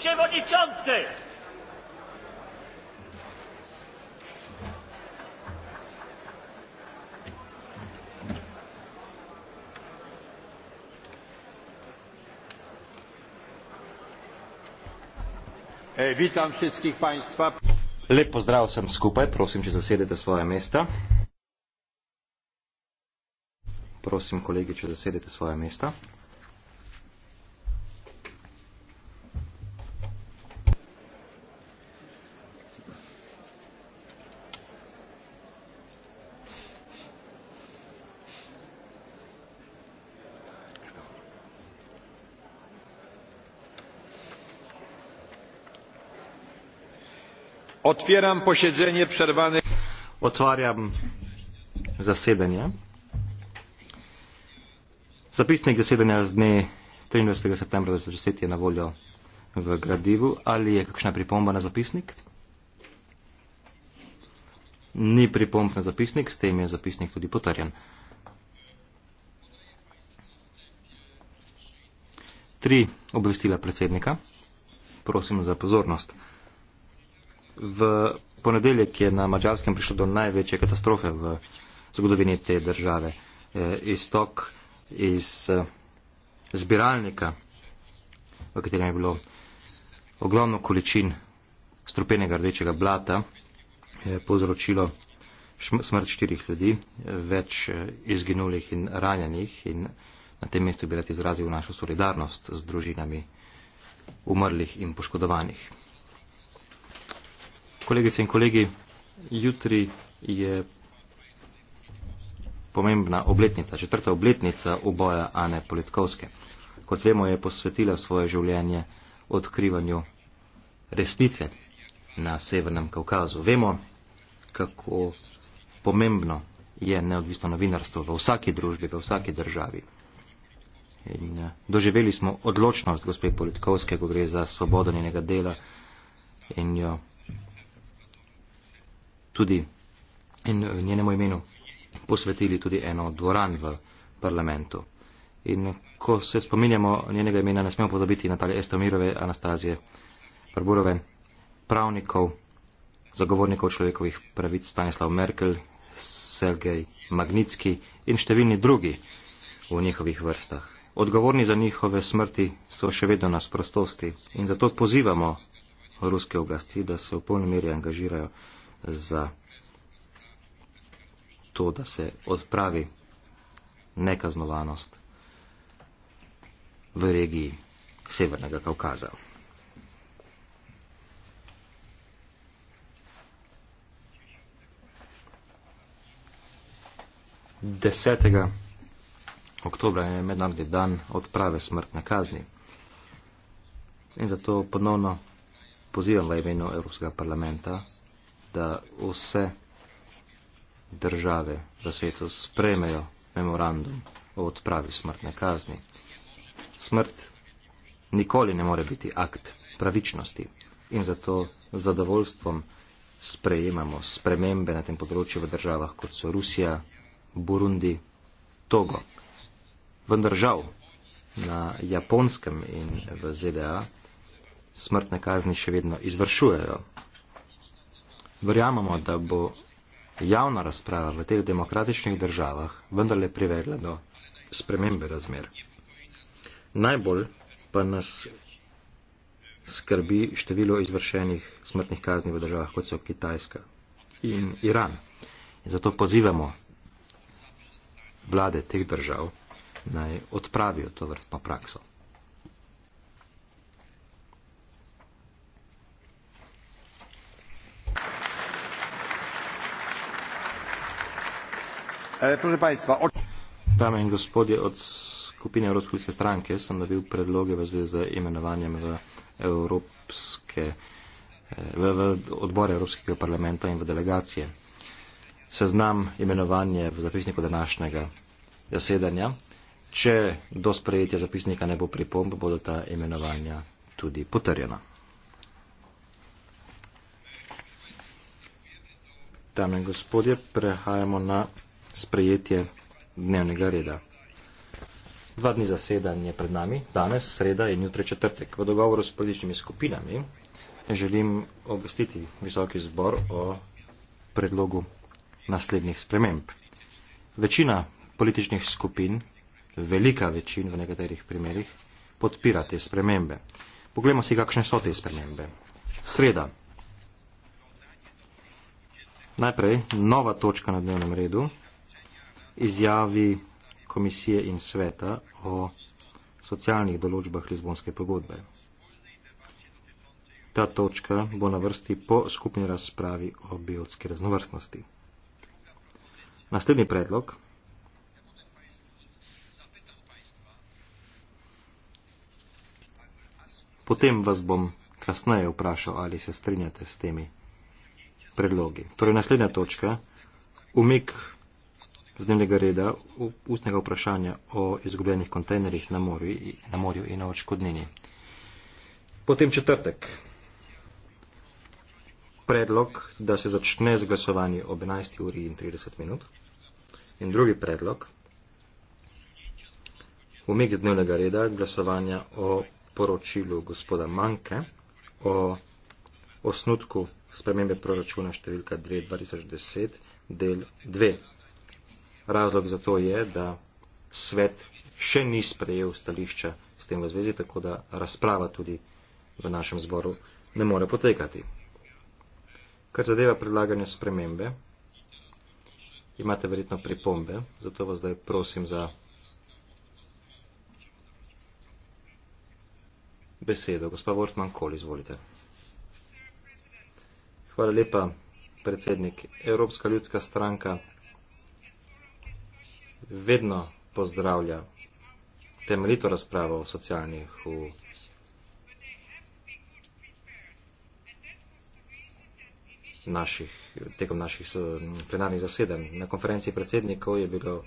Przewodniczący! E, witam wszystkich Państwa. Lep pozdrav sem skupaj, prosim, če zasedete svoje mesta. Prosim, kolegi, če zasedete svoje mesta. otwieram posiedzenie przerwany otwieram zasiedanie zapisnik zasiedanja z dne 13. septembra 2010 je na voljo v gradivu ali je kakšna pripomba na zapisnik ni pripomb na zapisnik s tem je zapisnik tudi potrjen 3 obvestila predsednika prosim za pozornost V ponedeljek je na Mačarskem prišlo do največje katastrofe v zgodovini te države. E, istok iz e, zbiralnika, v katerem je bilo ogromno količin strupenega rdečega blata, je povzročilo smrt štirih ljudi, več e, izginulih in ranjenih in na tem mestu bi rad izrazil našo solidarnost z družinami umrlih in poškodovanih kolegice in kolegi, jutri je pomembna obletnica, četrta obletnica uboja Ane Politkovske. Kot vemo, je posvetila svoje življenje odkrivanju resnice na Severnem Kaukazu. Vemo, kako pomembno je neodvisno novinarstvo v vsaki družbi, v vsaki državi. In eh, doživeli smo odločnost gospe Politkovske, ko gre za svobodo njenega dela in jo tudi in eh, njenemu imenu posvetili tudi eno dvoran v parlamentu. In ko se spominjamo njenega imena, ne smemo pozabiti Natalije Estomirove, Anastazije Barburove, pravnikov, zagovornikov človekovih pravic Stanislav Merkel, Sergej Magnitski in številni drugi v njihovih vrstah. Odgovorni za njihove smrti so še vedno nas prostosti in zato pozivamo ruske oblasti, da se v polni meri angažirajo za to, da se odpravi nekaznovanost v regiji Severnega Kaukaza. Desetega oktobra je mednarodni dan odprave smrtne kazni in zato ponovno pozivam v imenu Evropskega parlamenta, da vse države v svetu spremejo memorandum o odpravi smrtne kazni. Smrt nikoli ne more biti akt pravičnosti in zato z zadovoljstvom sprejemamo spremembe na tem področju v državah, kot so Rusija, Burundi, Togo. Vendar žal na japonskem in v ZDA smrtne kazni še vedno izvršujejo. Verjamemo, da bo javna razprava v teh demokratičnih državah vendarle privedla do spremembe razmer. Najbolj pa nas skrbi število izvršenih smrtnih kazni v državah, kot so Kitajska in Iran. In zato pozivamo vlade teh držav, naj odpravijo to vrstno prakso. Eh, proszę Państwa. Od... Dame in gospodje, od skupine Evropske stranke sem dobil predloge v zvezi z imenovanjem v, Evropske, eh, v, v odbore Evropskega parlamenta in v delegacije. Seznam imenovanje v zapisniku današnjega zasedanja. Če do sprejetja zapisnika ne bo pripomb, bodo ta imenovanja tudi potrjena. Dame in gospodje, prehajamo na sprejetje dnevnega reda. Dva dni zasedanja je pred nami, danes, sreda in jutri četrtek. V dogovoru s političnimi skupinami želim obvestiti visoki zbor o predlogu naslednjih sprememb. Večina političnih skupin, velika večina v nekaterih primerih, podpira te spremembe. Poglejmo si, kakšne so te spremembe. Sreda. Najprej nova točka na dnevnem redu, izjavi komisije in sveta o socialnih določbah Lizbonske pogodbe. Ta točka bo na vrsti po skupni razpravi o biotski raznovrstnosti. Naslednji predlog. Potem vas bom kasneje vprašal, ali se strinjate s temi predlogi. Torej, naslednja točka. Umik z dnevnega reda ustnega vprašanja o izgubljenih kontejnerjih na, na morju in na očkodnini. Potem četrtek. Predlog, da se začne z glasovanjem ob 11. uri in 30 minut. In drugi predlog, umik z dnevnega reda glasovanja o poročilu gospoda Manke o osnutku spremembe proračuna številka 2010 del 2. Razlog za to je, da svet še ni sprejel stališča s tem v zvezi, tako da razprava tudi v našem zboru ne more potekati. Kar zadeva predlaganje spremembe, imate verjetno pripombe, zato vas zdaj prosim za besedo. Gospa Wortman, kol izvolite. Hvala lepa, predsednik. Evropska ljudska stranka vedno pozdravlja temeljito razpravo o socialnih v naših, tekom naših plenarnih zasedanj. Na konferenci predsednikov je bilo